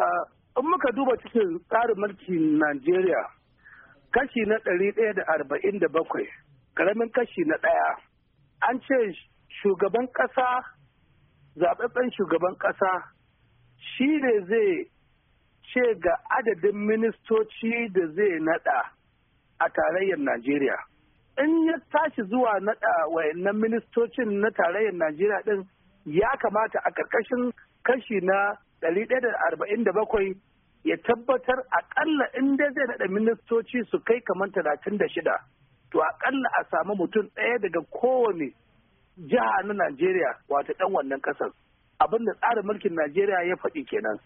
Uh, in muka duba cikin tsarin mulkin Najeriya kashi na ɗari ɗaya da arba'in da bakwai ƙaramin kashi na ɗaya an ce shugaban ƙasa zaɓaɓɓen shugaban ƙasa shi ne zai ce ga adadin ministoci da zai naɗa a tarayyar Najeriya. In ya tashi zuwa naɗa wayannan ministocin na tarayyar Najeriya ɗin ya kamata a ƙarƙashin kashi na ɗari ɗaya da arba'in da bakwai ya tabbatar akalla in dai zai naɗa ministoci su kai kamar talatin da shida to akalla a samu mutum ɗaya daga kowane jiha na Najeriya wata ɗan wannan ƙasar abin tsarin mulkin Najeriya ya faɗi kenan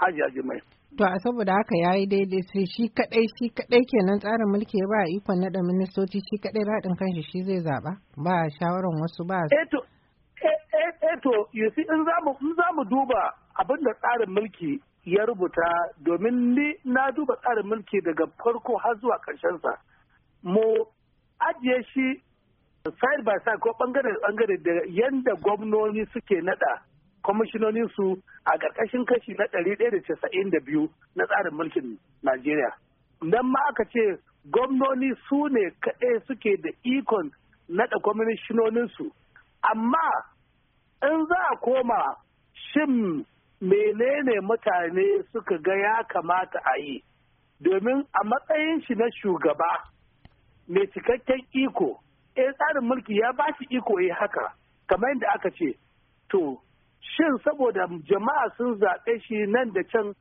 Hajiya mai. To a saboda haka ya yi daidai sai shi kaɗai shi kaɗai kenan tsarin mulki ya ba ikon naɗa ministoci shi kaɗai raɗin kanshi shi zai zaɓa ba shawaran wasu ba. Eh to to yusi in za mu duba abin da tsarin mulki ya rubuta domin ni na duba tsarin mulki daga farko har zuwa sa. mu ajiye shi side by side ko bangare bangare da yadda gwamnoni suke nada kwamishinonin su a ƙarƙashin kashi na ɗari ɗaya da da biyu na tsarin mulkin Najeriya. Nan ma aka ce gwamnoni su ne kaɗai suke da ikon naɗa kwamishinonin su. Amma in za a koma shin menene mutane suka ga ya kamata a yi domin a matsayin shi na shugaba mai cikakken iko eh tsarin mulki ya ba shi iko ya haka kamar yadda aka ce to shin saboda jama'a sun zaɓe shi nan da can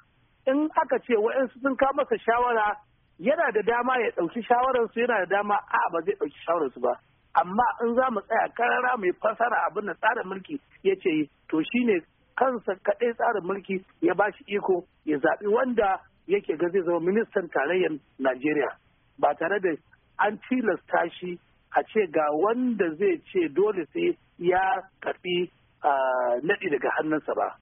in aka ce wa'yansu sun kawo masa shawara yana da dama ya ɗauki shawararsu yana da dama a ba zai ɗauki shawararsu ba amma in za mu tsaya karara mai fasara abin da tsarin mulki ya ce yi, to shine kansa kaɗai tsarin mulki ya ba shi iko ya zaɓi wanda yake ga zai zama ministan tarayyar najeriya ba tare da an tilasta shi a ce ga wanda zai ce dole sai ya karɓi ah, naɗi daga hannunsa ba